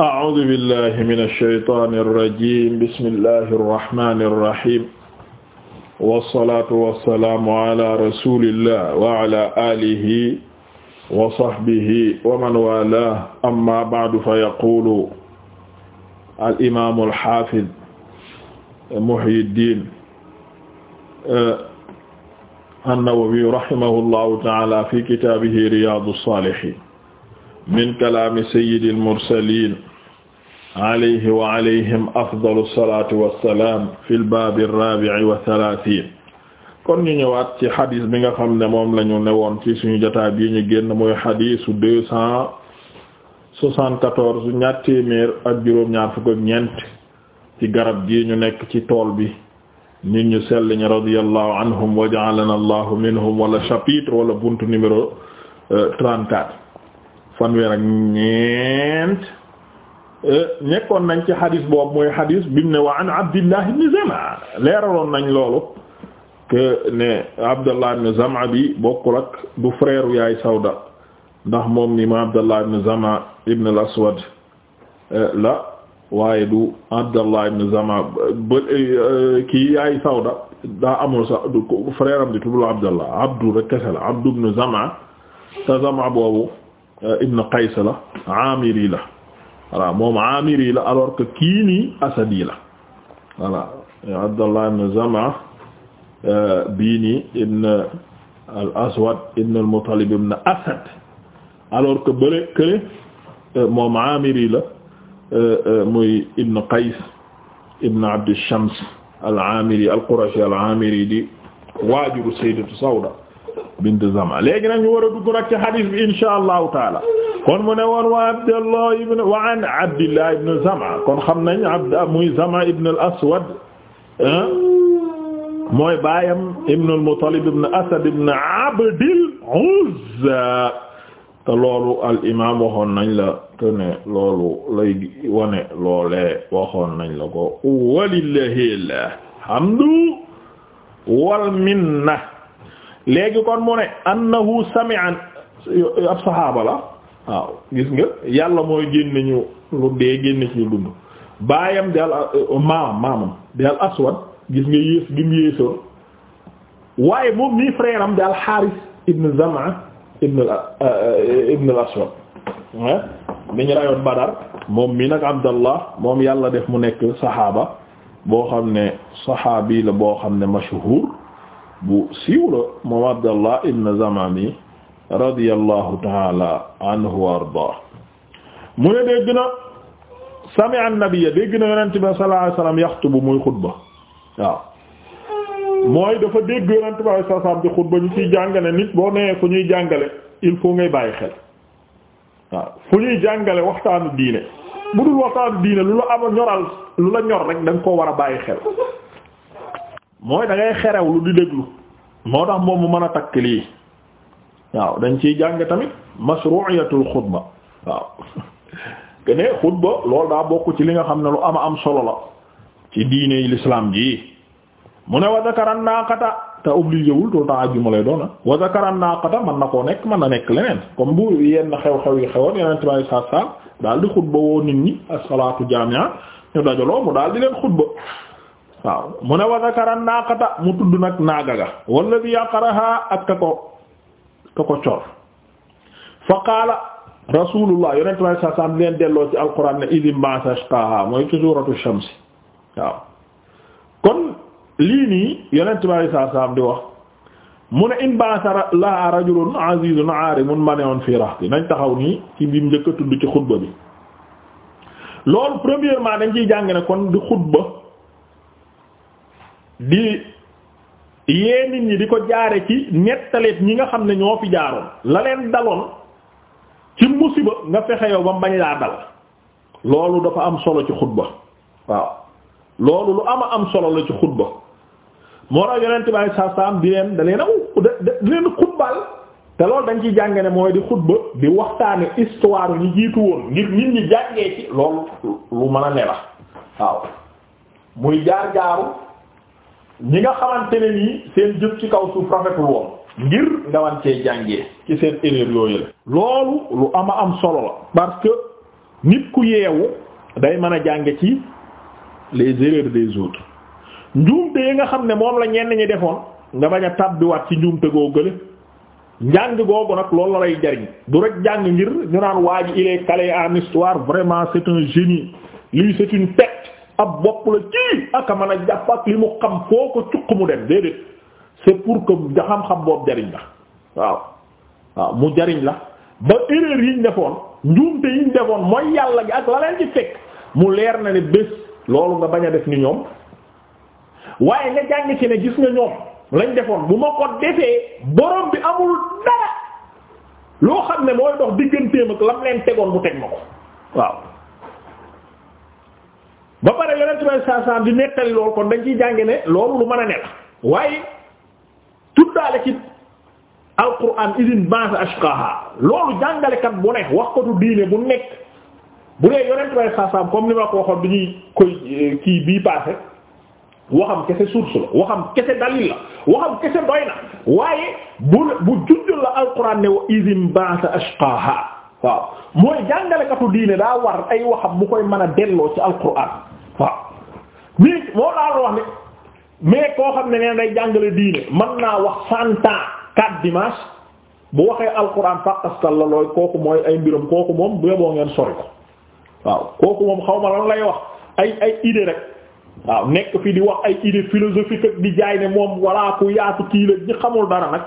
أعوذ بالله من الشيطان الرجيم بسم الله الرحمن الرحيم والصلاة والسلام على رسول الله وعلى آله وصحبه ومن والاه أما بعد فيقول الإمام الحافظ محي الدين النووي رحمه الله تعالى في كتابه رياض الصالحين min kalaami sayyidil mursaliin alayhi wa alayhim afdalu salaatu wa salaam fil baabi raabi'i wa salaatiin kon ñu ñëwaat ci xadis mi nga xam ne moom la ñu newoon ci suñu jotaay bii ñu génn mooy xadisu deux cent soixante-quatorze ñaar téeméer garab gii ñu nekk ci tool bi nit ñu sell ñi anhum wa ja'alana allahu minhum wala chapitre wala buntu numéro euh, fanweer ak ñeent euh, nekkoon nañ ci xadis boobu mooy xadis bi mu ne wa an Abdullah ibn Zam'a leeraloon nañ loolu que ne Abdullah ibn Zam'a bi bokkul ak du frère yaay Sawda ndax moom ni ma Abdullah ibn Zam'a ibn aswad euh, la waaye du Abdullah ibn Zam'a ba euh, kii yaay Sawda daa amul sax di tuddul Abdullah Abdu rek kese la Abdu ibn Zam'a te Zam'a boobu Euh, ibn Qays la Amiri la voilà moom Amiri la alors que kii nii Asadi la voilà Abdallah ibn Zama euh, bii nii ibn al-Aswad ibn al-Muttalib ibn Asad alors que bële kële euh, moom Amiri la muy ibn Qays ibn Abd al-Shams al-Amiri al-Qurashi al-Amiri di waajuru Sayyidatu Sawda bint Zama léegi nag ñu war a dugg nag ci hadith bi insha allahu taala kon mu ne woon wa Abdallah ibn wa an Abdillah ibn Zama kon xam nañ Abd muy Zama ibn al-Aswad mooy baayam ibn al-Muttalib ibn Asad ibn Abdil Uzza te loolu al imaam waxoon nañ la te ne loolu lay wane loolee waxoon nañ la ko walillahi alhamdu wal minna léegi kon mu ne annahu sami'an ab saxaaba la waaw gis nga yàlla mooy génne ñu lu dee génne ci lu baayam di al maamam maamam di al aswad gis nga yées gi mu yéesoon waaye moom nii frère am di al xaaris ibn zamaa ibn ibn al aswad mi ñu badar moom mi nag abdallah moom yàlla def mu nekk saxaaba boo xam ne saxaabi la boo xam ne mashhuur bu siiw la moom Abdallah ibn Zamami radiyallahu taala anhu wa ardaa mu ne dégg na sami'a an-nabiyya dégg na muy xutba mooy dafa dégg yonent bi sallallahu alayhi wasallam ñu ciy jàngale nit boo nee fu ñuy jàngale il ngay bàyyi xel waaw ñuy jàngale waxtaanu diine bu dul waxtaanu diine lu la amoon ñoral lu la ñor rek da nga koo war a bàyyi xel mooy da ngay xerewlu di déglu moo tax moom mu mën a takk lii waaw dañ ciy jàng tamit mashru'iyatul xutba waaw kene xutba loolu daa bokk ci li nga xam ne lu ama am solo la ci diine yi l'islam ji mu ne wa zakara naaqata te obligé wul tout le temps ajjuma lay doona wa zakara naaqata man na koo nekk mën na nekk leneen comme bu yenn xew-xew yi xewoon yeneen tamit saa saa daal di xutba woo nit ñi as-salaatu jaami'a ñu dajaloo mu daal di leen xutba waaw mu ne wa zakara naaqata mu tudd nag naaga ga walladi yaqaraha ak ka ko ka ko cor fa qaala rasulullah yonent bi sallallahu alayhi leen delloo ci alquran ne idim masashqaha mooy ci suratu shams waaw kon lii nii yonent bi sallallahu alayhi wasallam di wax mu ne in ba'atha laha nañ taxaw nii ci bi njëkk a tudd ci xutba bi loolu premièrement dañ ciy jàng ne kon di xutba di yee nit ñi di ko jaare ci nettaleet ñi nga xam ne ñoo fi jaaroon la leen daloon ci musiba nga fexe yow ba bañ laa dal loolu dafa am solo ci xutba waaw loolu lu ama am solo la ci xutba moo tax yonent bi alayhi salaam di leen da leen a xutbaal te loolu dañ ciy jàng ne mooy di xutba di waxtaane histoire ñi jiitu woon ngir nit ñi jàngee ci loolu lu mën a ne la waaw muy jaar jaaru ñi nga xamante ne nii seen jëf ci kaw suuf rafetul woon ngir nga wan cee jàngee ci seen erreur yooyu la loolu lu ama am solo la parce que nit ku yeewu day mën a jànge ci les erreurs des autres njuumte yi nga xam ne moom la ñenn ñi defoon nga bañ a tàbbiwaat ci njuumte goo gële njàng googu nag loolu la lay jariñ du rek jàng ngir ñu naan waa ji il est calé histoire vraiment c'est un génie lui c'est une tête ab bopp la ci ak a mën a jàpp ak li mu xam foo ko cuq mu dem déedéet c'est pour que nga xam-xam boobu jariñ la waaw waaw mu jariñ la ba erreur yi ñu defoon njuumte yi ñu defoon mooy yàlla gi ak la leen ci fekk mu leer na ne bés loolu nga bañ a def ni ñoom waaye nga jàng ci ne gis nga ñoom lañ defoon bu ma ko defee borom bi amul dara loo xam ne mooy dox digganteem ak lam leen tegoon mu teg ma ko waaw ba pare yonent bay saa saa di nettali loolu kon dañ ciy jànge ne loolu lu mën a ne la waaye tuddaale ci alquran idin ba'sa ashqaha loolu jàngalekat bu ne wax ko du diine bu nekk bu dee yonent bay saa saa comme ni ma ko waxoon bi ñuy koy eh, kii bii passé waxam kese source la waxam kese dalil la waxam kese doy na waaye bu bu junjul la alquran ne wa idin ba'sa ashqaha waaw mooy jàngalekatu diine daa war ay waxam bu koy mën a delloo ci alquran. waaw mii moo daal wax ne mais koo xam ne neen day jàngale diine man naa wax cent ans quatre dimanches bu waxee alquran fàqaskal la looy kooku mooy ay mbiram kooku moom bu yeboo ngeen sori ko waaw kooku moom xaw ma lan lay wax ay ay idée rek waaw nekk fi di wax ay idée philosophique ak di jaay ne moom walla ku yaatu kii la ñi xamul dara nag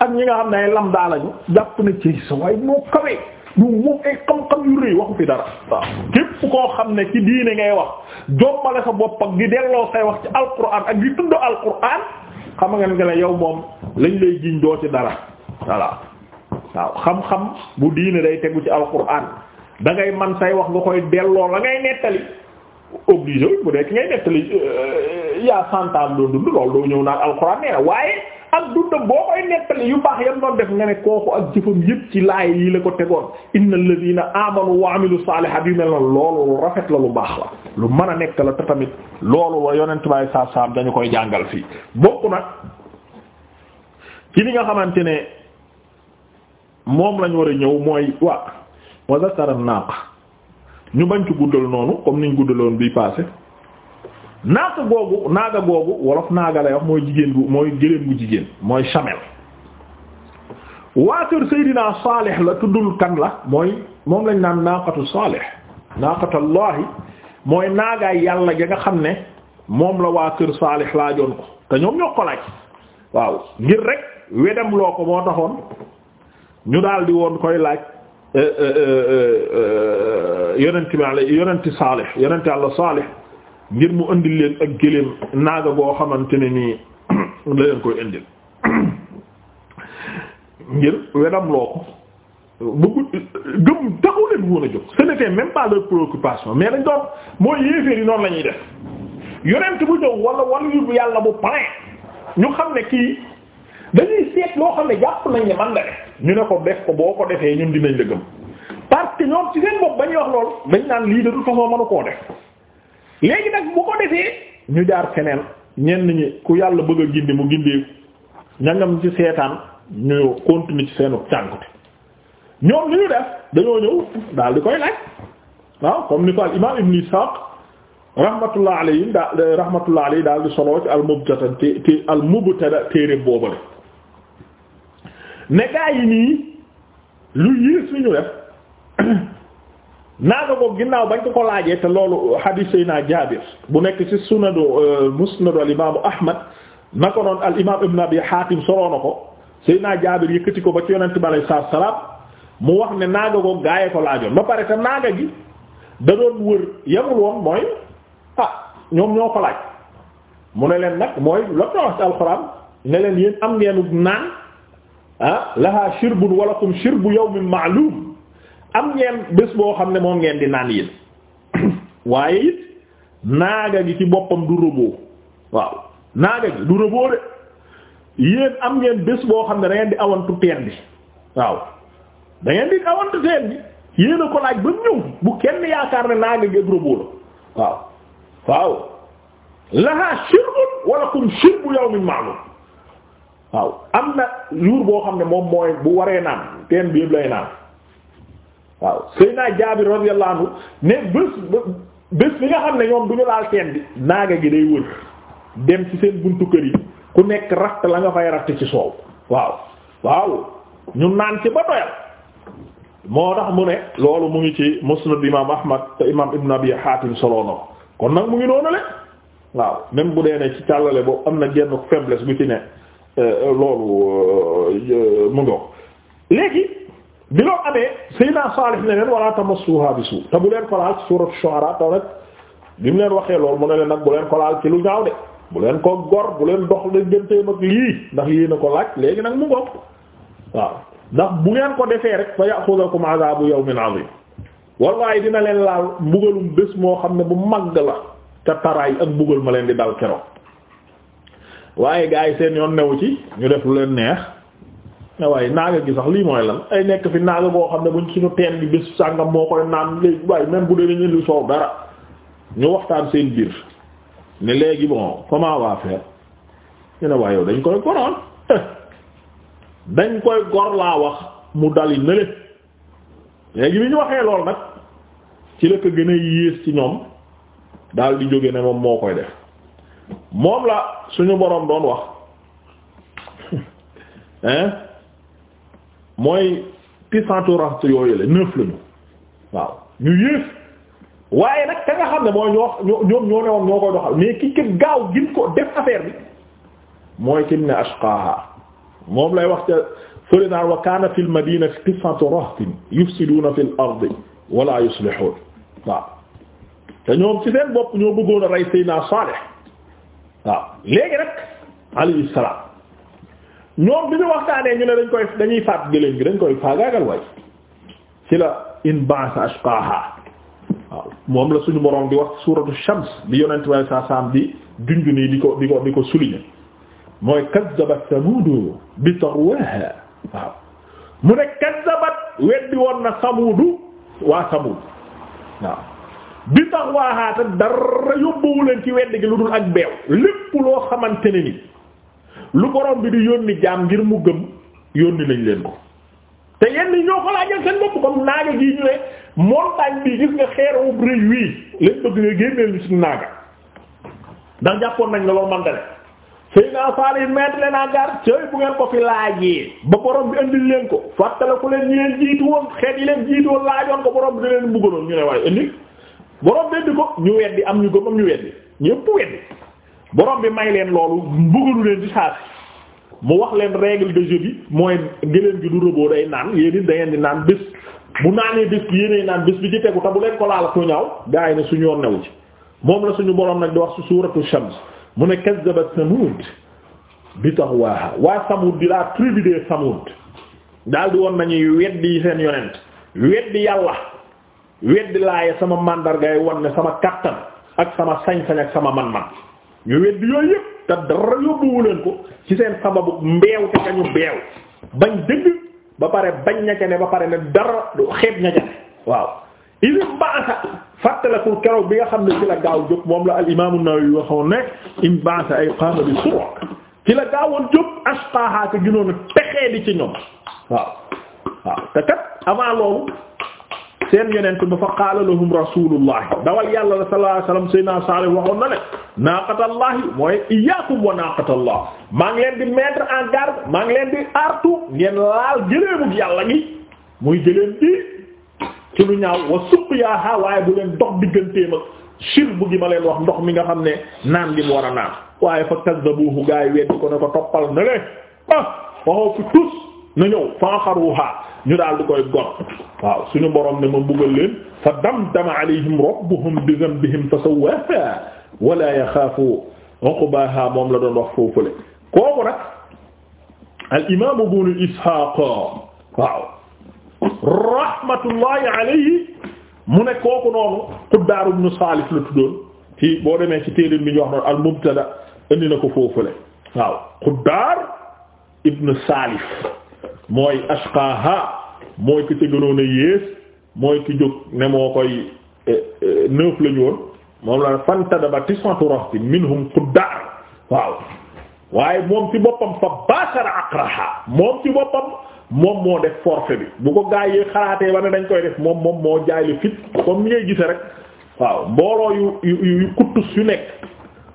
ak ñi nga xam ne ay lam daa lañu na ci sa waay moo kawee ñu moom ay xam-xam yu rëy waxu fi dara waaw képp koo xam ne ci diine ngay wax jombale sa bopp ak di delloo say wax ci alquran ak di tudd alquran xam nga ne yow moom lañ lay jiñ ci dara voilà waaw bu diine day tegu ci alquran da ngay man say wax nga koy delloo la ngay nettali obligé bu dee ki ngay nettali euh, yaa santaan doo dund loolu doo ñëw naan alquran nee na waaye. ak dundam boo koy nettali yu baax yam doon def nga ne kooku ak jëfam yëpp ci laay yi la ko tegoon innal ladina amanu wa amilu salihat yu mel noonu loolu lu rafet la lu baax la lu mën a nekk la te tamit loolu wa yonent baay saab saab dañu koy jàngal fii bokk nag ci li nga xamante ne moom lañ war a ñëw mooy waa wa zakara ñu bañ ci guddal noonu comme niñ guddaloon bii passé naaga googu naaga googu wolof naaga lay wax mooy jigéen gu mooy gëléem gu jigéen mooy chamel waa kër Seydina Salih la tuddul kan la mooy moom lañ naan naaqatu Salih naaqatullahi mooy naagaay yàlla ja nga xam ne moom la waa kër Salih laajoon ko te ñoom ñoo ko laaj waaw ngir rek wedam loo ko moo taxoon ñu daal di woon koy laaj eh, eh, eh, yonent bi yonenti Salih yonenti Yàlla Salih ngir mu indil leen ak gëléem naaga boo xamante ne nii la leen koy indil ngir wedam loo ko bëggu gëm taxu woon a jóg ce n'était même pas leur préoccupation mais lañ doon mooy yéeféer yi noonu la ñuy def yonent bu ñëw wala wala yu yàlla bu pare ñu xam ne kii dañuy seet loo xam ne jàpp nañ ne man def ñu ne ko def ko boo ko defee ñun dinañ la gëm parce que ñoom ci seen bopp ba ñuy wax lool dañ naan lii de toute façon mënu koo def léegi nag bu ko defee ñu jaar feneen ñenn ñi ku yàlla bëgg a gindi mu gindee ñangam ci seetaan ñu continuer ci seenu cànkute ñoom li ñu def dañoo ñëw daal koy laaj waaw comme ni ko al imaam ibn Ishaq rahmatullah alayhi daal rahmatullah alayhi daal di soloo ci al mubtada te te al mubtada téere boobale ne yi nii lu yées li ñu def naaga boobu ginnaaw bañ ko ko laajee te loolu hadith naa Jaabir bu nekk ci sunadu euh, musnadu al imaamu na ko noon al imaam Abi Haatim soloo na ko sayna Jaabir yëkkati ko ba ci yonent bi alayhi salaatu wa salaam mu wax ne naaga boobu gaaye ko laajoon ba pare te naaga gi da doon wër yemul woon mooy ah ñoom ñoo ko mu ne leen nag mooy la ko wax ci alxuraan ne leen yéen am ngeen naan ah laha shirbun walakum shirbu yawmin ma'lum am ngeen bés boo xam ne moom ngeen di naan yéen waaye it naaga gi ci boppam du rëboo waaw naaga gi du rëboo de yéen am ngeen bés boo xam ne da di awantu teen bi waaw da di awantu teen bi yéen a ko laaj ba ñëw bu kenn yaakaar ne naaga gi ak rëboo la waaw waaw lahaa shirbun wa lakum shirbu yawmin ma'lum waaw am na jour boo xam ne moom mooy bu waree naan teen bi yëpp lay naan waaw Seydina Jaabir radiyallahu anhu ne bés bés bi nga xam ne ñoom du ñu laal teen bi naaga gi day wër dem ci seen buntu kër yi ku nekk ratt la nga fay ratt ci soow waaw waaw ñu naan ci ba doyal moo tax mu ne loolu mu ngi ci musnad imam ahmad te imam ibn abi hatim soloo na kon nag mu ngi noonale waaw même bu dee ne ci càllale boobu am na genn faiblesse bu ci ne euh, loolu euh, mu ngoog léegi bi loolu amee Seydina Salih ne leen wala tamassuha bisu te bu leen ko laal suur Shu'ara taw rek bi mu leen waxee loolu mu ne leen nag bu leen ko laal ci lu ñaaw de bu leen ko gor bu leen dox leen gënteem ak lii ndax yéen a ko laaj léegi nag mu ngoog waaw ndax bu ngeen ko defee rek fa ya'khudhukum 'adhabu yawmin 'azim wallaay dina leen laal mbugalum bés moo xam ne bu màgg la te taraay ak mbugal ma leen di dal keroog waaye gaa yi seen yoon newu ci ñu def leen neex. ne ah waaye naaga gi sax lii mooy lan ay nekk fi naaga boo xam ne buñ suñu teen bi bis sàngam moo koy naan léegi waaye même bu dee dañu li soow dara ñu waxtaan seen biir ne léegi bon comment on va ñu ne waaye dañ koy goroon dañ koy gor laa wax mu dali nële léegi bi ñu waxee lool nag ci la ko gën a yées ci ñoom daal di jóge ne moom moo koy def moom la suñu boroom doon wax mooy tisantu raxtu yooyu la neuf lañu waaw ñu yées waaye nag ka nga xam ne mooy ñoo ñoom ñoo ne woon ñoo koy doxal mais ki ki gaaw gin ko def affaire bi mooy kim ne ashqaha moom lay wax ca fële naan wa kaana fil madinati tisantu raxtin yufsiduna fil ardi wala yuslihun waaw te ñoom ci seen bopp ñoo bëggoon a rey Seydina Salih waaw léegi rek alayhi salaam ñoom bi ñu waxtaanee ñu ne dañ koy dañuy faat gëléem gi dañ koy faagaagal waay ci la in ba'sa ashqaha waaw moom la suñu boroom di wax suuratu shams bi yonent way sa saam di junj nii di ko di ko di ko souligner mooy kazzabat samudu bi tarwaha waaw mu ne kazzabat weddi woon na samudu waa samud waaw bi tarwaha te dara yóbbuwu leen ci weddi gi lu dul ak beew lépp loo xamante ne ni lu borom bi di yónni jaam ngir mu gëm yónni lañ leen ko te yenn ñi ñoo ko laajal seen bopp comme naaga gii ñu ne montagne bi gis nga xeeru rëy wii lañ bëgg nga génneel ñu suñu naaga ndax jàppoon nañ nga loolu mante ne sëy naa faal yi mettre leen en garde cëy bu ngeen ko fi laajee ba borom bi indil leen ko fàttaliku leen ñi leen jiitu woon xeet yi leen jiitu woon laajoon ko borom bi da leen bëggaloon ñu ne waaye indi borom bi ko ñu weddi am am ñu weddi ñépp weddi borom bi may leen loolu mbugalu leen di saasi mu wax leen règle de jeu mooy gëléem gi du rëboo day naan yéen da ngeen di naan bés bu naanee bés bi yéenee naan bés bi ci tegu te bu leen ko laal ku ñaaw gaa yi ne suñu yoon newu ci moom la suñu boroom nag di wax ci suuratu Shams mu ne kazzabat Samud bi tahwaha waa Samud di la tribu des Samud di woon nañuy weddi seen yonent weddi yàlla weddi laaye sama mandargaay won ne sama kattan ak sama sañ-sañ ak sama man ñu weddi yooyu yëpp te dara yóbbuwu leen ko ci seen sababu mbeew te kañu beew bañ dëgg ba pare bañ ña ne ba pare ne dara xeeb ña ca ne waaw ilim baasa fàttalakul keroog bi nga xam ne ci la gaaw jóg moom la al imaamu Nawawi waxoon ne im baasa ay qaama bi sur'a ci la gaawoon jóg asqaaha ginoon a texee di ci ñoom waaw waaw te kat avant loolu seen yonent ba fa qaala lahum rasulullah dawal yàlla sallallahu alayhi wasallam sayna Saalih waxoon na ne naaqatallahi mooy iyyakum wa naaqatallah maa ngi leen di mettre en garde maa ngi leen di artu ngeen laal gëléemu yàlla gi muy gëléem bi ci lu ñaaw wa suqyaaha waaye bu leen dox digganteem ak shirbu gi ma leen wax ndox mi nga xam ne naan gi mu war a naan waaye fa kaddabuhu gaa yi weddi ko ne ko toppal na ah waxoo fi tus na ñëw fanxaruha ñu daal di koy gon waaw suñu borom ne ma mbugal leen fa damdama alayhim rabbuhum bi dhanbihim fa sawwaha wala yaxaafu uqbaha moom la doon wax foofule kooku nag al imam ibn ishaq waaw rahmatullahi alayhi mu ne kooku noonu Quddaar ibn Salih la tuddoon ci boo demee ci téerin bi ñu wax noonu al mubtada indi na ko foofule waaw Quddaar ibn Salih mooy ashqaha mooy ki ci gënoon a yées mooy ki jóg ne moo koy eh, eh, neuf la ñu woon moom la fantadaba tis'atu rahtin minhum quddar waaw waaye moom ci boppam fa basara aqraha moom ci boppam moom moo def forfait bi bu ko gaa yi xalaatee ba ne dañ koy def moom moom moo jaay le fit comme ni ngay gise rek waaw mbooloo yu yu yu kuttus yu nekk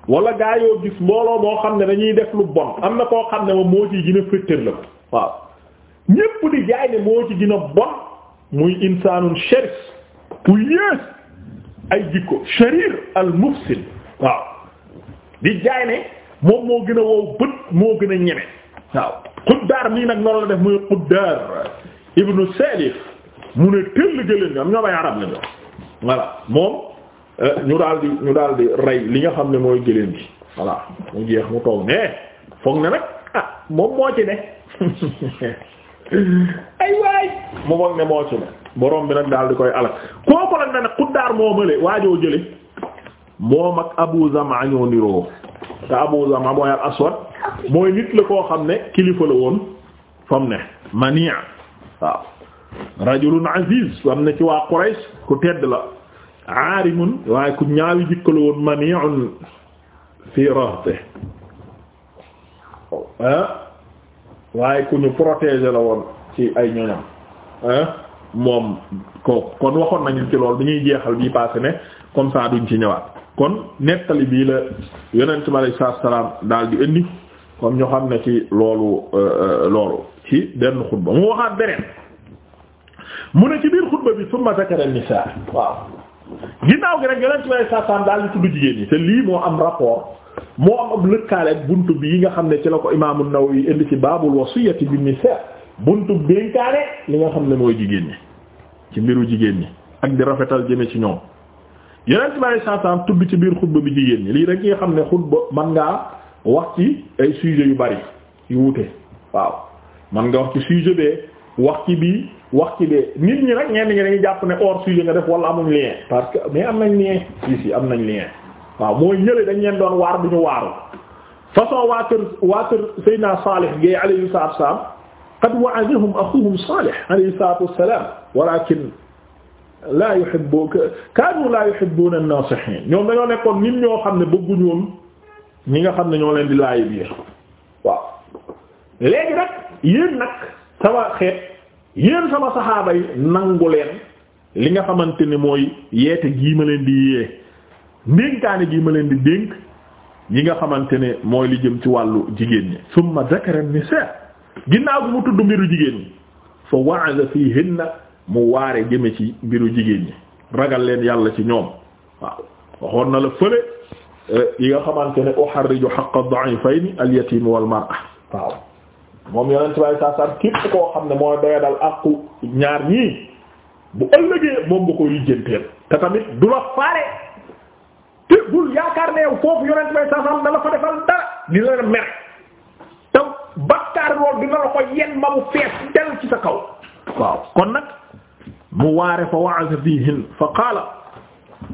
wala gaa yoo gis mbooloo moo xam ne dañuy def lu bon am na koo xam ne moom moo ciy gën a féttéer la ko waaw ñépp di jaay ne moo ci gën a bon muy insaanun sharis ku yées ay jikko sharir al waaw di jaay ne moom moo gën a wow bët moo gën a ñeme waaw xuddaar nii nag noonu la def muy xuddaar ibnu salif mu ne tëll jëleen ñoom ñoom ay arab la ñoom moom euh, ñu daal di ñu daal rey li nga xam ne mooy gëléen gi voilà mu jeex mu toog ne foog ne nag ah moom moo ci ne ay waay mu moog ne moo ne borom bi nag daal di koy alal kooku nag ne nag xuddaar moo mële waajoo jële moom ak Abu Zama ñoo te Abu Zama mooy al aswad mooy nit la koo xam ne kilifa la woon fam ne mania waaw aziz fam ne ci waa Quraysh ku tedd la aarimun waaye ku ñaawi jikko la woon mani'un fi rahtihi waaye ku ñu protégé la woon ci ay ñoñam moom ko kon waxoon nañu ci lool bi ñuy jeexal bii passé ne comme ça duñ ci ñëwaat kon nettali bii la yonent bi alayhi salaam daal di indi comme ñoo xam ne ci loolu euh, euh, loolu ci benn xutba mu waxaat beneen mu ne ci biir xutba bi summa zakara nisaa waaw ginnaaw gi rek yonent bi alayhi salaam daal di tudd jigéen ñi te lii moo am rapport moo am ab lëkkaaleeg buntu bi yi nga xam ne ci la ko imaam an-Nawawi indi ci baabul wasiyati bin nisaa buntu dénkaane li nga xam ne mooy jigéen ñi ci mbiru jigéen ñi ak di rafetal jëme ci ñoom yeneen tubaab yi sàttan tudd ci biir xutba bi jigéen ñi lii rek nga xam ne xutba man ngaa wax ci ay sujets yu bari yu wute waaw man nga wax ci sujet bee wax ci bii wax ci bee nit ñi rek ñenn ñi dañuy jàpp ne hors sujet nga def wala amuñ lien parce am nañ lien am nañ lien. waaw mooy ñële dañ leen doon waar bu ñu waaru façon waa kër waa kër Seydina Salih gay alayhi salaatu wasalaam qad wa'adahum axuhum Salih alayhi salaatu wasalaam walakin laa yuhibbu kaanu laa yuhibbuna an-naasihiin ñoom dañoo nekkoon nit ñoo xam ne bëgguñu woon ñi nga xam ne ñoo leen di laay biir waaw léegi nag yéen nag sama xeet yéen sama saxaaba yi nangu leen li nga xamante ne mooy yeete gii ma leen di yee ndénkaane gi ma leen di dénk yi nga xamante ne mooy li jëm ci wàllu jigéen ñi summa zakara nisa ginnaaw bi mu tudd mbiru jigéen ñi fa wa'aza fiihinna mu waare jëme ci mbiru jigéen ñi ragal leen yàlla ci ñoom waaw waxoon na la fële eh, yi nga xamante ne uharriju haqqa ad-da'ifayn al-yatim wal mar'a waaw moom yonent bay saa san képp koo xam ne mooy doya dal àqu ñaar ñii bu ëllëgee moom nga koy lijjanteel te tamit du la faare bul yaakaar ne yow foofu yonent may sasam da la fa defal dara dina la mere te bakkaar lool dina la ko yen ma mu fees del ci sa kaw waaw kon nag mu waare fa wa'aza fiihin fa qaala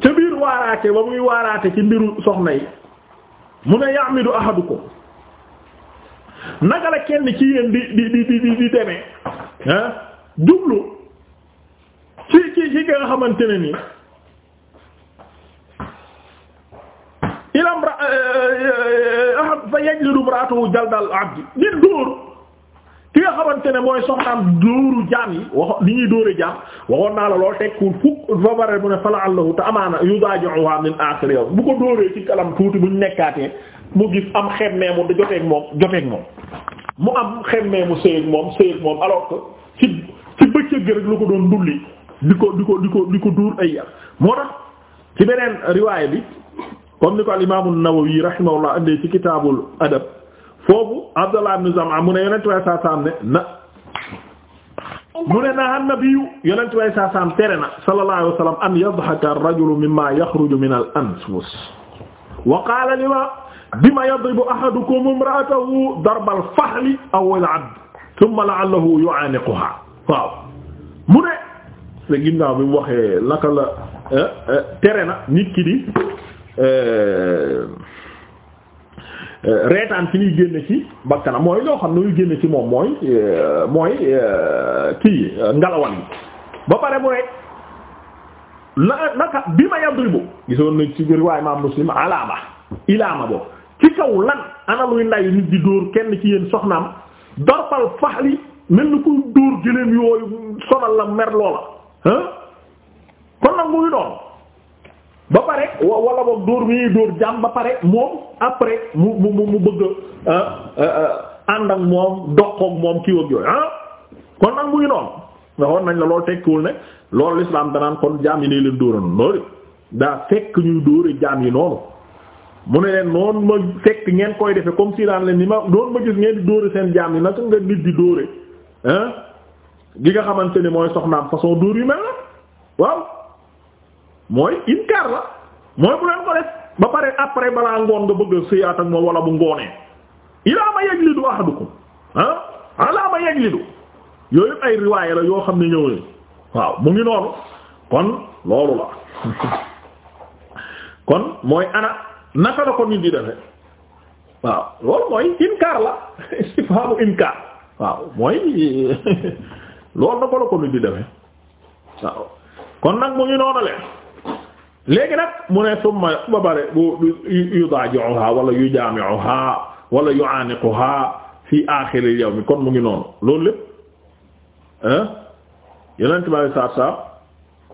ca biir waaraate ba muy waaraate ci mbiru soxna yi mu ne ya'midu ahadukum naka la kenn ci yéen di di di di di demee ah jublu ci ci ci nga xamante ne nii ilam ra eh, eh, eh, fa yajlidu imra'atuhu jaldal abdi di dóor ki nga xamante ne mooy soxnaam dóoru jaam yi wax li ñuy dóore jaam waxoon naa la lool tekkul fukk fa bare mu ne fa la'allahu te amaana yudaaji'uha min aaxir yow bu ko dóoree ci kalam tuuti bu ñu nekkaatee mu gis am xemmee mu joteeg moom joteeg moom mu am xemmee mu sëyeeg moom sëyeeg moom alors que ci bëccëg rek lu ko doon dulli di di ko di ko di ko dóor ay yar moo tax ci beneen riwaay bi comme ni ko al imaamu Nawawi rahimahullah andee ci kitaabul adab foofu Abdallah ibn Zam'a mu ne yonent way saa saam ne na mu ne na an-nabiyyu yonent way saa saam tere na sallallahu alayhi wa sallam an yadhaka ar-rajulu mimma yakhruju min al-anfus wa qaala lima bima yadribu ahadukum imra'atahu darba al-fahli aw al-'abd thumma la'allahu yu'aaniquha waaw mu ne ginnaaw bi mu waxee laka la eh, eh, tere na nit ki di Euh, euh, reetaan ci ñuy génne ci bakkanam mooy loo xam ne ñuy génne ci moom mooy euh, mooy kii ngalawal yi ba pare mu ne la naka bi ma yadribu gisoon na ci riwaay imaam Muslim alaama ilaama boobu ci kaw lan ana luy nday nit di dóor kenn ci yéen soxnaam dorpal faxli mel ni kuy dóor gëléem yooyu sonal la mer loola ah kon nag muy doon ba pare wala boog dóor bi ñuy dóor jàmm ba pare moom après mu mu mu bëgg euh, euh, ànd ak moom doqoog moom kii ak yooyu ah kon nag mu ngi noonu nga xool nañ la loolu tekkiwul ne loolu lislaam danaan kon jaam yi lay leen dóoranoon loolu daa fekk ñuy dóore jaam yi noonu mu ne leen noonu ma fekk ngeen koy defe comme si daan leen ni ma noonu ma gis ngeen di dóore seen jaam yi naka nga nit di dóore ah gi nga xamante ni mooy soxnaan façon dóor yu mel na mooy inkaar la mooy bu leen ko def ba pare après balaa ngoon nga bëgg sëyaat ak moom wala bu ngoonee ilaa ma yajlidu ahadukum ah alaa ma yajlidu yooyu ay riwaaya la yoo xam ne ñëw ne waaw mu ngi noonu kon loolu la kon mooy ana naka la ko nit di defe waaw loolu mooy inkaar la istifhaamu inkaar waaw mooy loolu naka la ko nit di defe waaw kon nag mu ngi noonu léegi nag mu ne summa ba pare bu yudaaji'uha wala yu wala yu'aaniquha fi aaxiril yawmi kon mu ngi noonu loolu lépp ah yeneen tubaab yi saab saab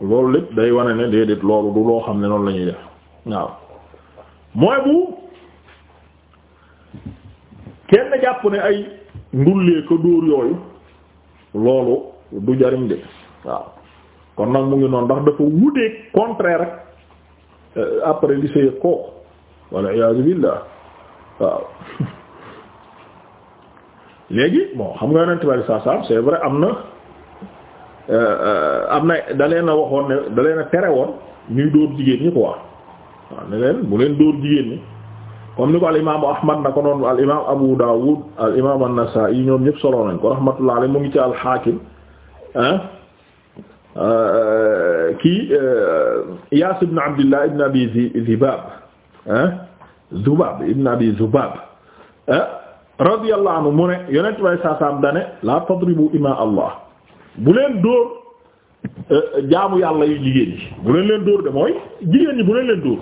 loolu lépp day wane ne déedéet loolu du loo xam ne noonu la def waaw mooy bu kenn jàpp ne ay ndullee ko dóor yooyu loolu du jariñ de waaw kon nag mu ngi noonu ndax dafa wuteeg contraire Euh, après li sëy kooku walla iyaazu billaah waaw léegi bon xam nga yonent bi saa c'est vrai am na euh, euh, am na da leen a waxoon ne da leen tere woon ñuy dóor jigéen ñi quoi waaw ne leen bu leen dóor jigéen ñi comme ni ko al imaamu ahmad na ko noonu al imaam abu daawud al imaam an yi ñoom ñëpp solo nañ ko rahmatullah alayhi mu ngi ci al haakim ah Euh, kii euh, Iyaas ibn Abdillah ibn Abi Zibab ah Zubab ibn Abi Zubab ah radiyallahu anhu mu tadribu ima allah bu leen dóor euh, jaamu yàlla yu jigéen ñi bu leen leen dóor de mooy jigéen ñi bu leen leen dóor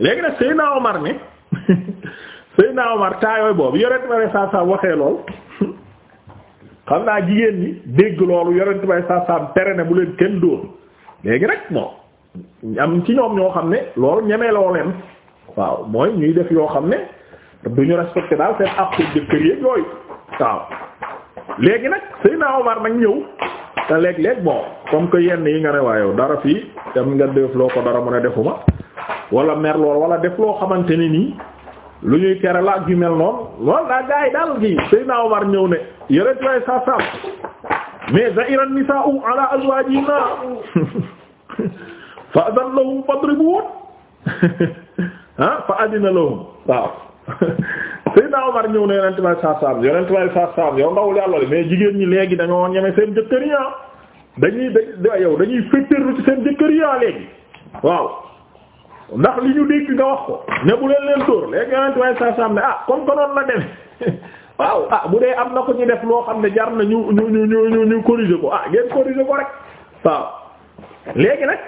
léegi nag Seydina Omar ne Seydina Omar taayooy boobu yonent way saasaam waxee lool xam naa jigéen ñi dégg loolu yorent bay saa saam tere ne bu leen kenn dóor léegi rek moom am ci ñoom ñoo xam ne loolu ñeme loo leen waaw mooy ñuy def yoo xam ne du ñu respecté daal seen àqu jëkkër yéeg yooyu waaw léegi nag Seydina Omar nag ñëw te léeg-léeg bon comme que yenn yi nga ne waa dara fii dem nga def loo ko dara mën a defuma wala mer lool wala def loo xamante ni nii lu ñuy tere la ak mel noonu loolu daa gaa daal kii Seydina Omar ñëw ne. yore ci waay saa saam mais za'iran nisaa'u ala azwaajina fa adana lahum fadribuun ah fa adina lahum waaw Seydina Omar ñëw na yonent baay saa saam yonent baay saa yow ndaw yàlla li mais jigéen ñi léegi dañoo ñeme seen jëkkër yi dañuy da yow dañuy féttéerlu ci seen jëkkër yi léegi waaw ndax li ñu dégg nga wax ko ne bu leen leen dóor léegi yonent baay ne ah comme que la demee. waaw ah bu dee am na ko ñu def loo xam ne jar na ñu ñu ñu ñu ñu ñu ko ah ngeen corriger ko rek waaw léegi nag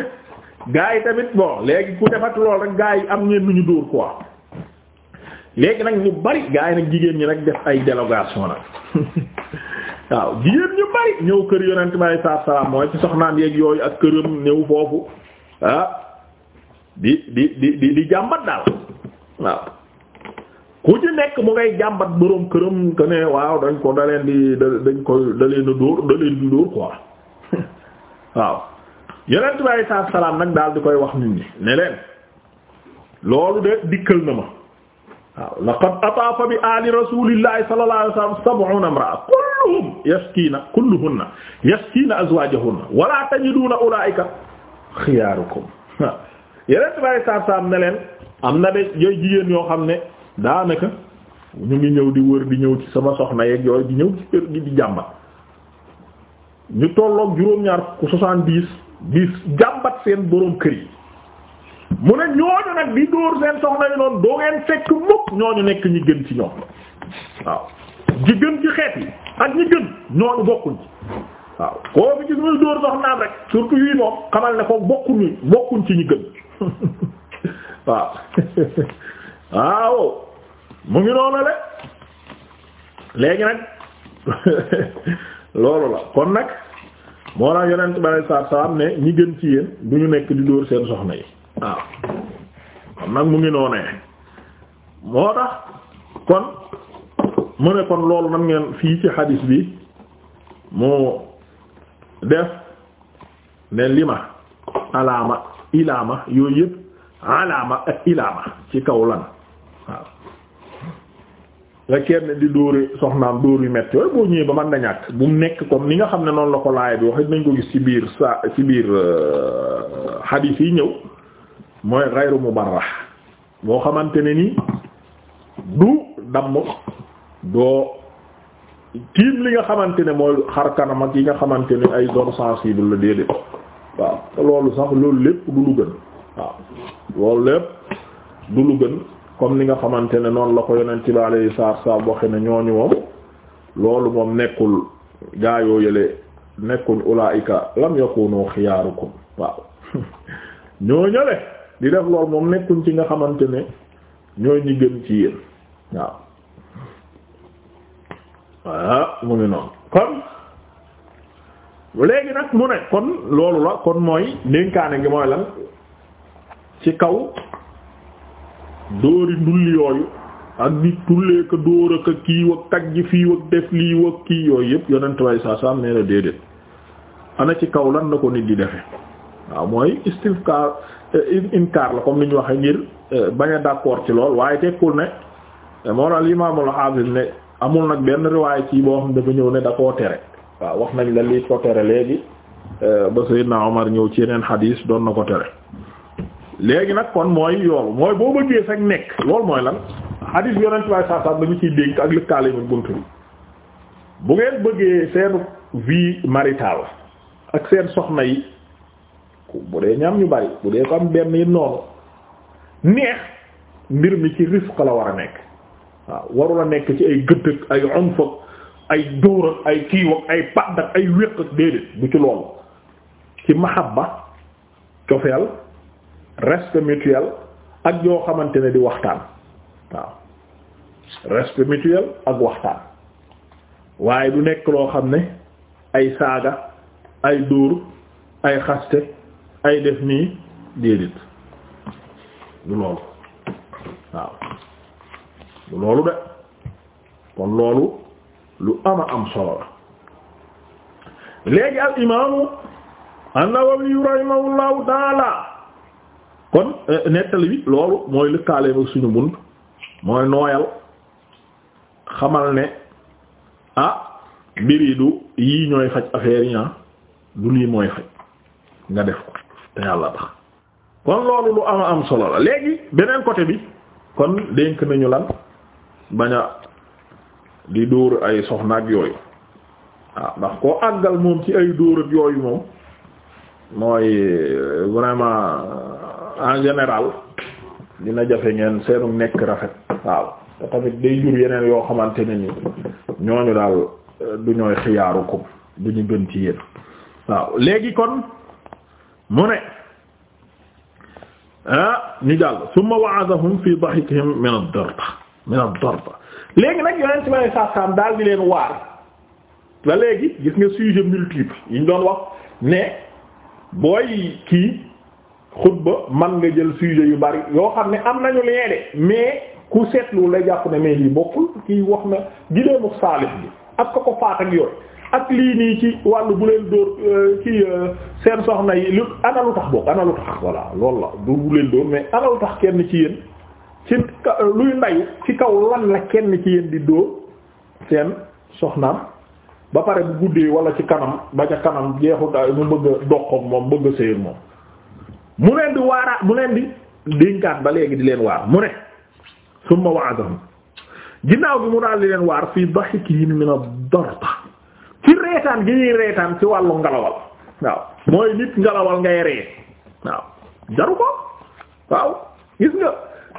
gaa yi tamit bon léegi ku defat lool rek gaa yi am ñeen lu ñu dóor quoi léegi nag ñu bari gaa nag jigéen ñi nag def ay délégation nag waaw jigéen ñu bari ñëw kër yonent bi alayhi salaatu salaam mooy ci soxnaan yeeg yooyu ak këram ñëw foofu ah di di di di di jàmbat daal waaw ku ci nekk mu ngay jàmbat boroom këram que ne waaw dañ ko da leen di ko da leen di da leen di dóor waaw yonent bi alayhi salaam nag daal di koy wax nit ñi ne leen loolu de dikkal na ma waaw laqad ataafa bi ali rasulillahi sallallahu alayhi wasallam sab'una imra'a kulluhum yaskina kulluhunna yaskina azwajahunna wala tajiduna ulaa'ika xiyaarukum yonent bi alayhi salaam ne leen am na de jigéen yoo xam ne daanaka ñu ngi ñëw di wër di ñëw ci sama soxna yeeg yooyu di ñëw ci kër gi di jàmbat ñu tolloog juróom-ñaar ku soixante-dix di jàmbat seen boroom kër yi mu ne ñooñu nag di dóor seen soxna yi noonu nekk ñi gën ci ñoom waaw ñi gën bokkuñ ci waaw koo fi gis muy dóor soxnaam rek surtout yii moom xamal ne ko bokkuñu bokkuñ ci ñi gën waaw waaw mu ngi noonu le léegi nag loolu la kon nag moo tax yonent bi alayhi salaatu salaam ne ñi gën ci yéen du ñu nekk di dóor seen soxna yi waaw kon nag mu ngi noonee moo tax kon mu ne kon loolu nan ngeen fii ci hadis bi mu def ne lima alaama ilaama yooyu yëpp alaama ak ilaama ci kaw lan waaw la kenn di dóori soxnaam dóor yu metti yooyu boo ñëwee ba man na ñàkk bu mu nekk comme ni nga xam ne noonu la ko laaya bi wax nañ ko gis ci biir sa ci biir euh, xadiis yi ñëw mooy xayru mubarrah boo xamante ne ni du damm doo tiim li nga xamante ne mooy xar kanam yi nga xamante ni ay zone sensible la déedéet waaw loolu sax loolu lépp du lu gën waaw loolu lépp du lu gën comme ni nga xamante ne noonu la ko yonent ci alayhi salaatu salaam waxe ne ñooñu moom loolu moom nekkul gaa yoo yële nekkuñ ulaa'ika lam yakunu xiyaarukum waaw ñoo ñële di def loolu moom nekkuñ ci nga xamante ne ñoo ñi gën ci yéen waaw mu ngi noonu kon léegi nag mu ne kon loolu la kon mooy ndénkaane gi mooy lan ci kaw dóori ndulli yooyu ak di tullee ka dóor ak a kii kaj ji fii def lii wag kii yooyu yëpp yonent way saa saam nee na déedéet ana ci kaw lan la ko nit di defe waaw mooy istifkar inkar la comme ni ñu waxee ngir eh, bañ a d'accord ci lool waaye tekkul ne eh, moo la imaamul hafiz ne amul nag benn riwaay ci boo xam dafa ñëw ne da koo tere waaw wax nañ la li ko tere léegi eh, ba Seydina Omar ñëw ci yeneen xadiis doon na ko tere léegi nag kon mooy yoolu mooy boo bëggee sax nekk loolu mooy lan hadis yonent baay saa saa ñu ciy dénk ak lëkkaale ñu buntu bi bu ngeen bëggee seen vie maritale ak seen soxna yi bu dee ñam ñu bari bu dee ko benn yi noonu neex mbir mi ci rifq la war a nekk waaw warul a nekk ci ay gëddëg ay unf ay dóor ay kiiw ay padd ay wéq ak déedéet bu ci loolu ci mahabba cofeel respect mutuel ak yoo xamante ne di waxtaan waaw respect mutuel ak waxtaan waaye du nekk loo xam ne ay saaga ay dóor ay xaste ay def nii déedéet du loolu waaw du loolu de kon loolu lu ama am solo la léegi al imaamu an-Nawawi rahimahullahu taala kon euh, nettali bi loolu mooy lëkkaaleem ak suñu bunt mooy nooyal xamal ne ah mbir yii ñooy faj affaire yi ah, du lii mooy faj nga def ko te yàlla tax kon loolu lu am am solo la léegi beneen côté bi kon dénk nañu lan bañ di dóor ay soxnaak yooyu waaw ah, ndax koo àggal moom ci ay dóor ak yooyu moom mooy euh, vraiment en général dina jafe ngeen seenu nekk rafet waaw te tamit day jur yeneen yoo xamante ne ni ñooñu daal euh, du ñooy xiyaarukum du ñu gën ci yéen waaw léegi kon mu ne ah ñu jàll summa wa'adahum fi dahikihim min ad-darba min léegi nag yonent bi alayhi salaam daal di leen waar ba léegi gis nga sujet multiple yi ñu doon wax ne booy kii xutba man nga jël sujet yu bari yoo xam ne am nañu leere mais ku seetlu la jàpp ne mais lii bokkul kii wax na gileemu saalix bi ak ko ko faat ak yooyu ak lii nii ci wàllu bu leen dóor euh, ci euh, seen soxna yi lu ana lu tax mais ana tax kenn ci yéen ci euh, luy ndayu ci kaw lan kenn ci yéen di dóor seen soxnaam ba pare bu guddee wala ci kanam ba ca kanam jeexu mu bëgg dox doqoog moom bëgg a moom mu leen di waaraat mu leen di dénkaat ba léegi di leen waar mu ne summa wa'adahum ginnaaw bi mu daal di leen waar fii dahikihim min ad-darta ci reetaan gi ñuy reetaan ci wàllu ngalawal waaw mooy nit ngalawal ngay ree waaw jaru ko waaw gis nga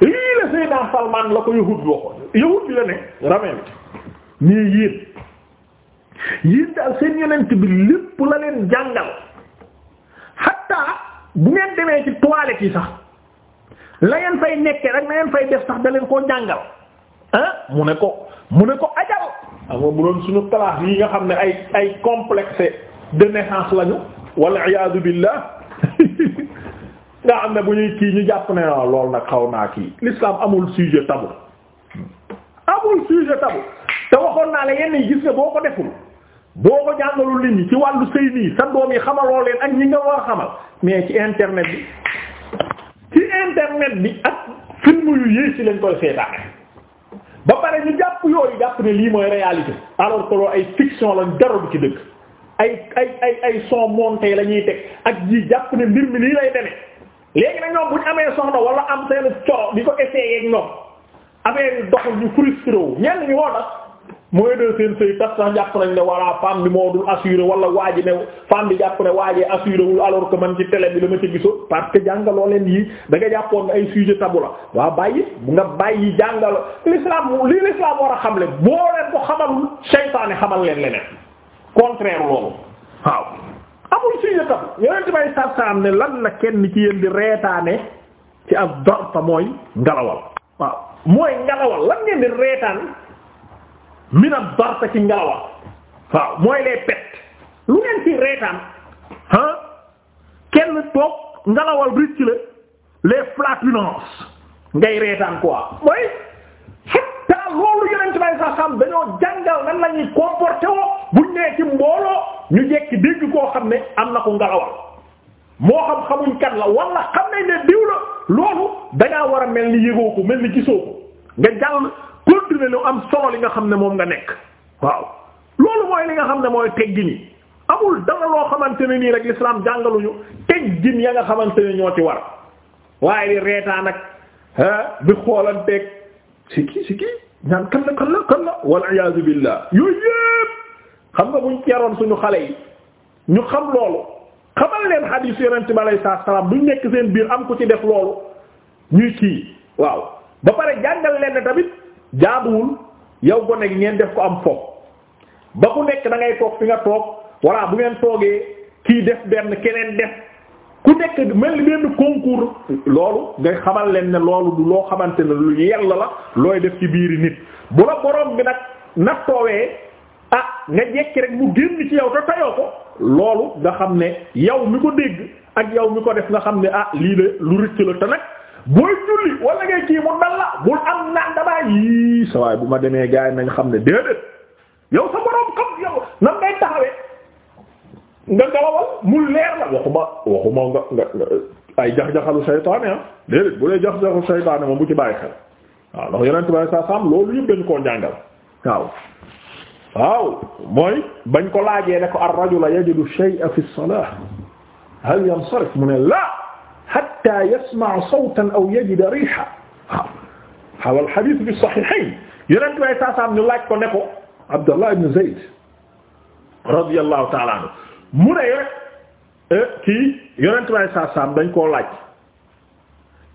lii la Seydina Salman la ko yahut boo ko yahut bi la ne ramee bi nii yéen yéen daal seen yonent bi lépp la leen jàngal hatta bu ngeen demee ci toilette yi sax la ngeen fay nekkee rek na ngeen fay def sax da leen koo jàngal ah mu ne ko mu ne ko ajal xam nga bu doon suñu classe yi nga xam ne ay ay complexe de naissance lañu walla iyaadu billah nga xam ne bu ñuy kii ñu jàpp ne ah, lool nag xaw naa kii l'islam amul sujet tabou amul sujet tabou te waxoon naa la yenn yi gis nga boo ko deful boo ko jàngalul nit ci wàllu sëy nii sa doom yi xamaloo leen ak ñi nga war a xamal mais ci internet bi ci internet bi ak film yu yées ci lañ koy seetaane ba pare ñu jàpp yooyu jàpp ne lii mooy réalité alors que loolu ay fiction lañ dara du ci dëkk ay ay ay ay son monté la ñuy teg ak ji jàpp ne mbir mi lii lay demee léegi nag ñoom bu ñu amee soxna wala am seen coro di ko essayé ak ñoom affaire yu ñu frustré wu ñenn ñi woo tax mooy de seen sëy tax sax jàpp nañ ne walla femme bi moo dul assuré wala waa ji ne femme bi jàpp ne waajee assuré wul alors que man ci télé bi la ma ci gisoo parce que jàngaloo leen yi da nga jàppoon ay sujet tabu la waa bàyyi bu nga bàyyi jàngalo l'islam li l'islam war a xamle boo leen ko xamalul seytaane xamal leen leneen contraire loolu waaw amul sujet tabu yonent bay sarsaam ne lan la kenn ci yéen di reetaane ci ak dorta mooy mooy ngalawal minam barta ci ngalawa waaw mooy les pet lu ngeen ci reetaan ah kenn toog ngalawal ric la les flatulences ngay reetaan quoi mooy xetta loolu yonent bay sa xam dañoo jàngal nan la ñuy comporté woo buñ nee ci mbooloo ñu jekki dégg koo xam ne am na ko ngalawal moo xam xamuñ kan la wala xam nañ ne diw loolu dangaa war a mel ni yëgoo ko mel ni gisoo ko nga jàll continuer nu am solo li nga xam ne moom nga nekk waaw loolu mooy li nga xam ne mooy teggin yi amul dara loo xamante ne nii rek l'islam jàngaluñu teggin ya nga xamante ne ñoo ci war waaye di di xoolanteeg si kii si kii ñaan kan la kan la kan la wal iyaazu buñ yaroon suñu xale yi ñu xam loolu xamal leen xadiis yonent bi alayhi salaatu biir am ku ci def loolu ñuy kii waaw ba pare jàngal leen tamit. jaaduwul yow gone gi ngeen def ko am foog ba ku nekk da toog fi nga toog walla bu ngeen toogee kii def benn keneen def ku nekk mel ni benn concours loolu ngay xamal leen ne loolu du loo xamante ne lu yell la looy def ci biiri nit bu la borom bi nag nattoowee ah nga jekki rek mu génn ci yow te tayoo ko loolu nga xam ne yow mi ko dégg ak yow mi ko def nga xam ne ah lii de lu rëcc la te booy julli wala ngay kii mu dal la bul am naan damaa yii sa waay bu ma demee gars nañ xam ne déedéet yow sa borom xam yow nan ngay taxawee nga galawal mu leer la waxuma waxuma nga nga ay jax-jaxalu saytaane ah déedéet bu dee jax-jaxalu saytaane moom bu ci bàyyi xel waaw ndax yeneen bañ ko laajee ne ko ar-rajulu yajidu shay'an fi as-salah hal yansarif mu ne la hatta yasmaa sawtan aw yajida riiha waaw xawal xadiis bi saxiixayn yonent way saasaam ñu laaj ko ne ko Abdallah ibn Zayd radiyallahu ta'ala anhu mu ne eh, kii yonent way saasaam dañ koo laaj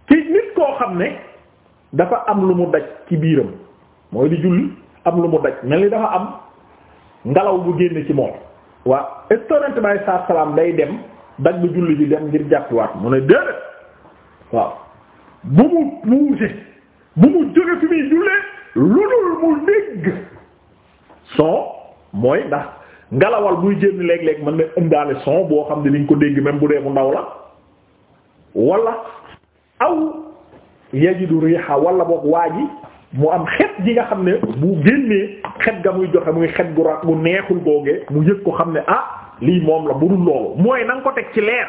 kii nit koo xam ne dafa am lu mu daj ci biiram mooy di julli am lu mu daj mel ni dafa am ngelaw bu génn ci moom waa est-ce que yonent bay day dem dagg julli bi dem ngir jàppiwaat mu ne déedéet waaw bu mu jóge fi muy jullee lu dul mu dégg son mooy ndax ngelawal buy génn léeg-léeg mën na ëndaale son boo xam ne liñ ko dégg même bu dee mu ndaw la wala aw yajidu riha wala boog waa ji mu am xet gi nga xam ne bu génnee xet ga muy joxe muy xet gu ra gu neexul googee mu yëg ko xam ne ah lii moom la bu dul loolu mooy nanga ko teg ci leer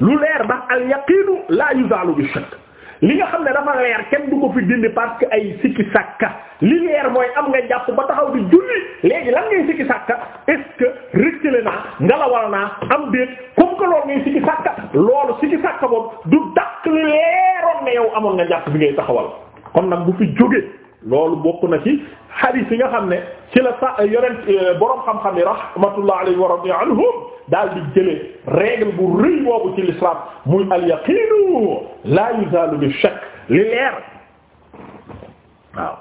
lu leer ndax al yaqiinu laa yuzaalu bi shakk li xam ne dafa leer kenn du ko fi dindi parce ay sikki sàkka li leer mooy am nga jàpp ba taxaw di julli léegi lan ngay sikki sàkka est ce que rëccale naa ngalawal naa am déet comme que loolu ngay sikki sàkka loolu sikki sàkka boobu du dàq li leeroon ne yow amoon nga jàpp bi ngay taxawal kon nag bu fi jóge loolu bokk na ci hadith yi nga xam ne ci la sa yonent euh, borom xam-xam yi rahmatullah alayhi wa radiya anhum daal di jële règle bu rëy boobu ci l'islam muy al yaqinu la yuzalu bi shakk li leer waaw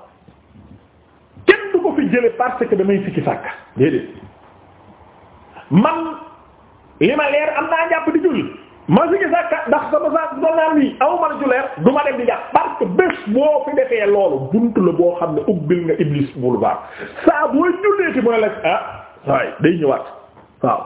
kenn du ko fi jële parce que damay sikki sàkk déedéet man li ma leer am naa jàpp di julli ma si gis ak ndax sama saa ma naan lii aw ma juleer du ma dem di jàpp parce que bés boo fi defee loolu buntu la boo xam ne ubbil nga iblis baax saa boo julleeti mu ne la ah saa day ñëwaat waaw.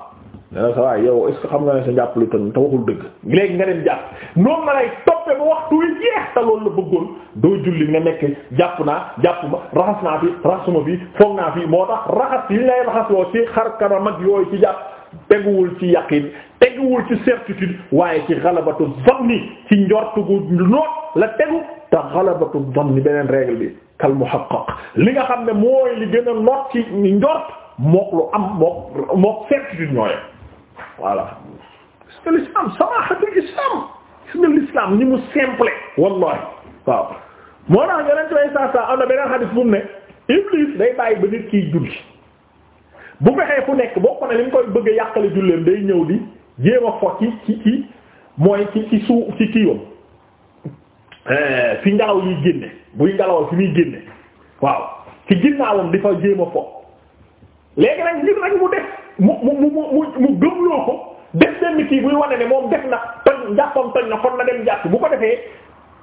nee sa waaye yow est-ce que xam nga ne sa njàpp lu tën te waxul dëgg léegi nga dem jàpp noonu la lay toppe ba waxtu wi jeex la bëggoon doo julli nga nekk jàpp naa jàpp ma raxas naa fi raxasuma fi foog naa fi moo tax raxas yi lay raxas ci xar kanam ak yooyu ci jàpp teguwul ci yaqin teguwul ci certitude waaye ci xalabatu zanni ci njortu gu noot la tegu te xalabatu zanni beneen règle bi kal li nga xam ne mooy li gën a noot ci njort mook lu am mook mook certitude ñooye voilà gis nga l'islam samahatul islam gis ni mu simple wallahi waaw moo tax yonent way saa saa am na beneen xadis bu mu ne Iblis day bàyyi ba nit kiy julli bu fexee fu nekk bokk na li mu koy bëgg a yàqale julleen day ñëw di jéem a fo ci ci ci mooy ci ci suuf ci kiiwam eh, fi ngelaw yi génne buy ngelawal fi muy génne waaw ci ginnaawam di fa jéem a léegi nag ngir nag mu def mu mu mu mu mu gëmloo ko def benn buy wane ne moom def na toñ njàppam toñ na kon na dem jàpp bu ko defee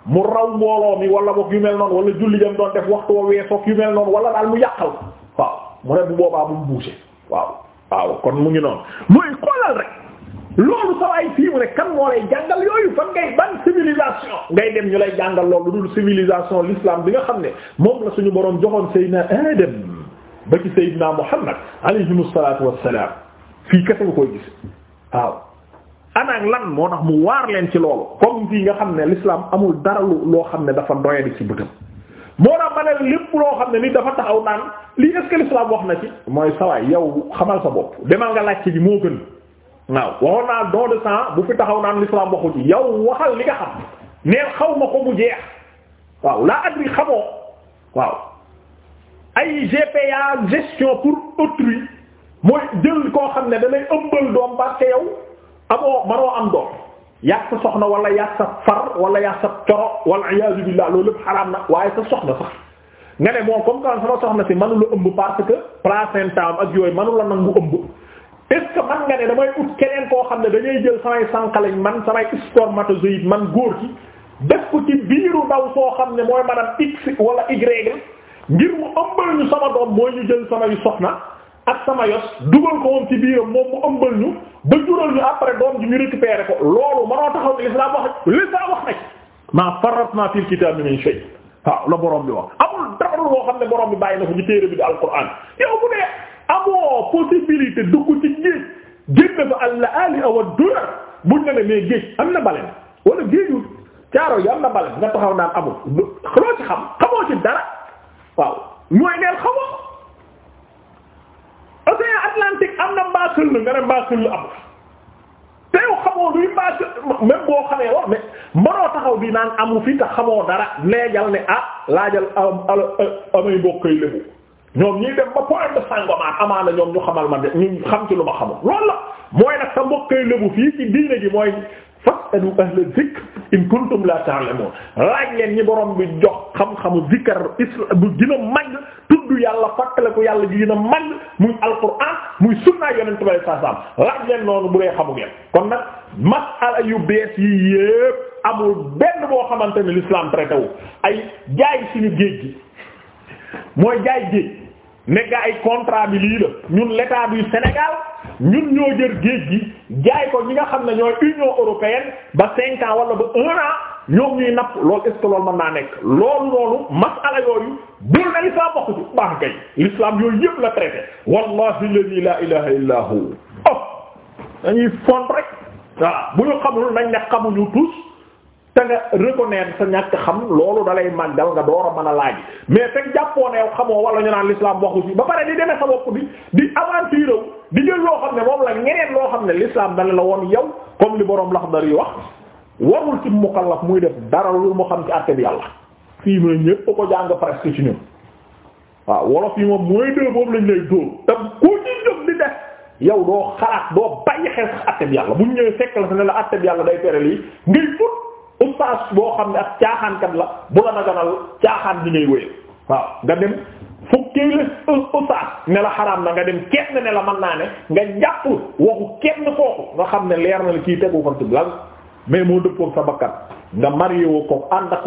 mu raw mbooloo mi wala boog yu mel noonu wala julli jam doon def waxtu wa weesoog yu mel noonu wala daal mu yàqal waaw mu ne bu boobaa bu mu buuse waaw waaw kon mu ngi noonu mooy loolu sawaay fii mu ne kan moo lay jàngal yooyu fan ngay ban civilisation ngay dem ñu lay jàngal loolu dul civilisation l'islam bi nga xam ne moom la suñu boroom joxoon Seydina Adam ba ci Seydina Muhammad alayhimu salaatu wassalaam fii kese nga koy gis lan moo tax mu waar leen ci loolu comme fii nga xam ne l'islam amul dara lu loo xam ne dafa doyadi ci bëtam moo tax ma ne lépp loo xam ne ni dafa taxaw naan lii est-ce que wax na ci mooy sawaay yow xamal sa bopp demal nga laajte ji moo gën waaw waxoon naa don de sang bu fi taxaw naan l'islam waxu ci yow waxal li nga xam neel xaw ma ko mu jeex waaw laa adri xamoo waaw ay GPA gestion pour autrui mooy jël koo xam ne dalay ëmbal doom parce que yow amoo manoo am doom yàq sa soxna wala yàq sa far wala yàq sa coro wala iyaazu billah loolu lépp xaraam na waaye sa soxna sax nga ne moom comme que sama soxna si mënula ëmb parce que placenta am ak yooyu mënula nangu ëmb est-ce que man nga ne damay ut keneen koo xam ne dañuy jël samay sànqalañ man samay spermatozoïde man góor gi def ko ci biiru ndaw soo xam ne mooy maanaam x wala y ngir mu ëmbal ñu sama doom mooy ñu jël sama yu soxna ak sama yos dugal ko moom ci biiram moom mu ëmbal ñu ba jural ñu après doom ji ñu récupérer ko loolu manoo taxaw ne l'islam wax l'islam wax na ci maa farratna fil kitabi min shay waaw la borom bi wax amul dara loo xam ne borom bi bàyyi na ko bi di alquran amoo possibilité dugg ci géej génn ba àll ali awa durar buñ ne ne mais géej am na balen wala géeju caaro yi am na balen nga taxaw naan amul xaloo ci xam xamoo ci dara waaw mooy neen xamoo océan Atlantique am na mbaa xëll nga ne mbaa xëll amul te yow xamoo luy mbaa même xamee wax mais mbaroo taxaw bi naan amu fi te xamoo dara leejal ne ah laajal am amay mbokk yi lébu ñoom ñuy dem ba point de sangomar amaana ñoom ñu xamal ma de ñu xam ci lu ma xamul loolu la mooy nag sa mbokkay lëbu fii ci diine gi mooy fasalu ahla zikr in kuntum la ta'lamun laaj leen ñi borom bi jox xam-xamu zikr islam bu gën a màgg tudd yàlla fàttaliku yàlla gi gën a mu muy alquran muy sunna yonent bi sallallahu alayhi wasallam leen noonu bu dee xamu ngeen kon nag masala yu bees yi yépp amul benn boo xamante ne l'islam traité wu ay jaay suñu géej nekk ay contrat bi lii la ñun l'état du Sénégal ñun ñoo jël géej gi jaay ko ñi nga xam ne ñooy Union européenne ba cinq ans wala ba un an ñoom ñuy napp loolu est-ce que naa nekk loolu loolu masala yooyu bul na l'islam bokk ci baax kay l'islam yooyu yëpp la traité wallahi nii la ilaha illa hu oh dañuy font rek voilà bu ñu xamul nañ ne xamuñu tous te nga reconnaître sa ñàkk xam loolu dalay màggal nga door a mën a laaj mais fekk jàppoo ne yow xamoo wala ñu naan l'islam waxu ci ba pare di demee sa bopp di di aventure wu di jël loo xam ne moom la ñeneen loo xam ne l'islam dana la woon yow comme li boroom Laxdari yi wax warul ci mukallaf muy def dara lu mu xam ci àtte bi yàlla fii mooy ñépp ko jàng presque ci ñun waaw wolof yi moom mooy dee boobu lañ lay dóor te ku ci jóg di def yow doo xalaat yàlla bu ñu ñëwee fekk ne la àtte yàlla day tere lii ustaas boo xam ne ak caaxaankat la bu la daganal caaxaan bi ngay wéyal waaw nga dem fukkeey la ustaas ne xaraam na nga dem kenn ne la mën naa ne nga jàpp waxu kenn kooku nga xam ne leer na la kii tegu ko ci lan mais moo dëppook sa bakkan nga marié woo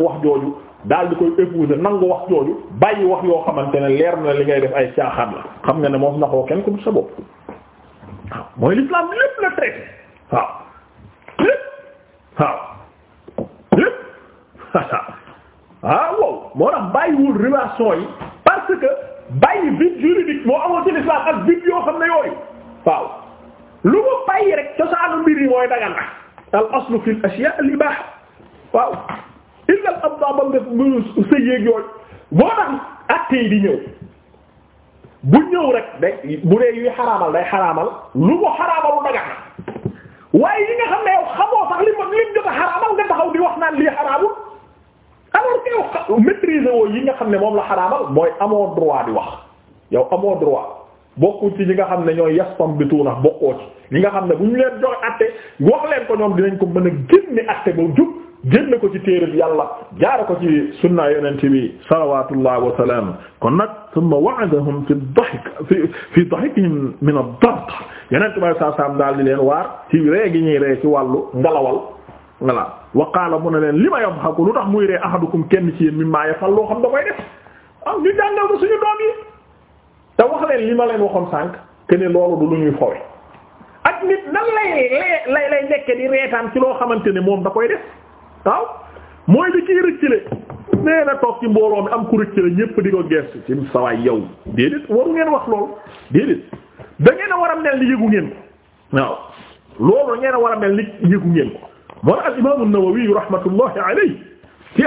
wax jooju daal di koy épouser nangu wax jooju bàyyi wax yoo xamante ne leer na li ngay def ay caaxaan la xam nga ne moom naxoo kenn ko du sa bopp waaw mooy l'islam lépp la traité waaw waaw ah wow moo tax bàyyiwul relation yi parce que bàyyi vide juridique moo amoon ci l'islam ak vide yoo xam ne yooyu waaw lu mu rek cosaanu mbir yi mooy dagan na al aslu fi al ashya al ibaha waaw illa al abda bam def mbiru moo tax acte yi di ñëw bu ñëw rek day bu dee yuy xaraamal day xaraamal lu mu xaraamal lu dagan na xam ne yow xamoo sax li ma lim jot a xaraamal nga taxaw di wax naan lii xaraamul alors que yow maîtriser woo yi nga xam ne moom la xaraamal mooy amoo droit di wax yow amoo droit bokku ci ñi nga xam ne ñooy yastam bi tuuna bokkoo ci nga xam ne bu ñu leen joxe atte wax leen ko ñoom dinañ ko mën a génne atte ba jub génne ko ci téere bi yàlla jaare ko ci sunna yonent bi salawatullah wa salam kon nag thumma wa'adahum fi dhahik fi fi dhahikihim min ad-dard yonent bi sallallahu alayhi daal di leen waar ci ree gi ñuy ree ci wàllu ngalawal ngala wa qaala mu ne leen li ma yom xaku lu tax muy ree ahadukum kenn ci yéen mi maaye fal loo xam da koy def ah ñu jàngal suñu doom yi te wax leen li ma leen waxoon sànq que ne loolu du lu ñuy xowe ak nit nan lay lay lay nekke di reetaan ci loo xamante ne moom da koy def waaw mooy li kii rëccale nee na toog ci mbooloo mi am ku rëccale ñépp di ko gestu ci sawaay yow déedéet waru ngeen wax loolu déedéet da ngeen a war a mel ni yëgu ngeen ko waaw loolu moo al imam an-Nawawi rahmatullahi alayhi ci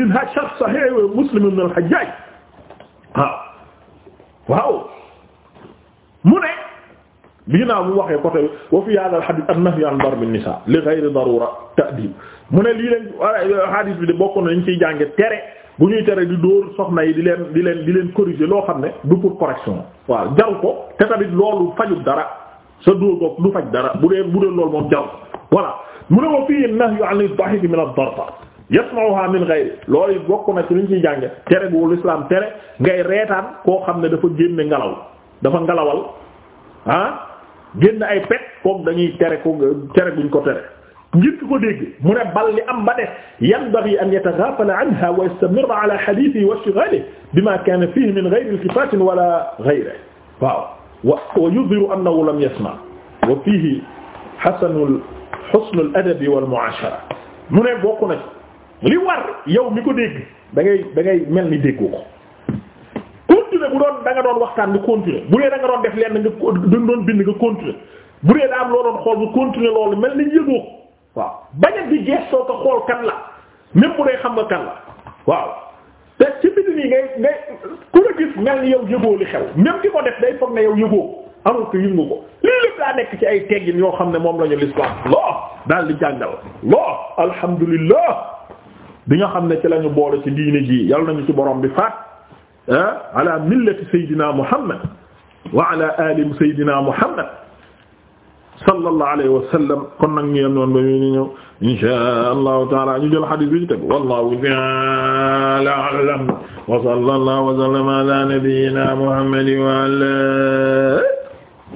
minhaj sharh sahih Muslim ibn al-Hajjaj waaw waaw mu ne bi naa bu waxee côté wa fi hadha al-hadith an-nahy an darb an-nisa li ghayri darura ta'dib mu ne lii leen hadith bi de bokk na dañ ciy jànge tere bu ñuy tere di dóor soxna yi di leen di leen di leen corriger loo xam ne du pour correction waaw jaru ko te tamit loolu fajul dara sa dóor boog du faj dara bu dee bu dee loolu moom jaru voilà mu ne wa fii nahyu an ad-dahik min ad-darba yasma'uha min ghayri loolu bokk na ci liñ ciy jànge tere bu lislaam tere ngay reetaan koo xam ne dafa génne ngelaw dafa ngelawal ah génn ay pet kook dañuy tere ko tere guñ ko tere ngir ko dégg mu ne bal li am ba def yanbaghi an yataghafala anha wa yastamirra ala hadithihi wa ishtighalihi bima kana fihi min ghayri iltifatin wala ghayrihi waaw wa yudhiru annahu lam yasma' wa fihi hasanul xusnul adabi wal mu'ashara mu ne bokk na ci li war yow mi ko dégg da ngay da ngay mel ni déggoo ko continuer bu doon danga doon waxtaan nga continuer bu dee da nga doon def lenn nga doon bind nga continuer bu dee daa am loo doon xool bu continuer loolu mel ni yëgoo ko waaw bañ a di gestoo ko xool kan la même bu dee xam nga kan la waaw te ci biti nii ngay ngay ku la gis mel ni yow yëgoo li xew même ki ko def day foog na yow yëgoo alors que yëngu ko lii lépp daa nekk ci ay teggin yoo xam ne moom la ñu l'islam loo daal di jàngal loo alhamdulillah bi nga xam ne ci la ñu boole ci diine ji yal nañu ci borom bi faat ah ala millati saydina muhammad wa ala ali saydina muhammad sallallahu alayhi wa sallam kon nag ñu yem noonu ba ñu ñëw insha allahu taala ñu jël hadith bi ñu teg wallahu ta'ala a'lam wa sallallahu wa sallama ala nabiyyina muhammad wa ala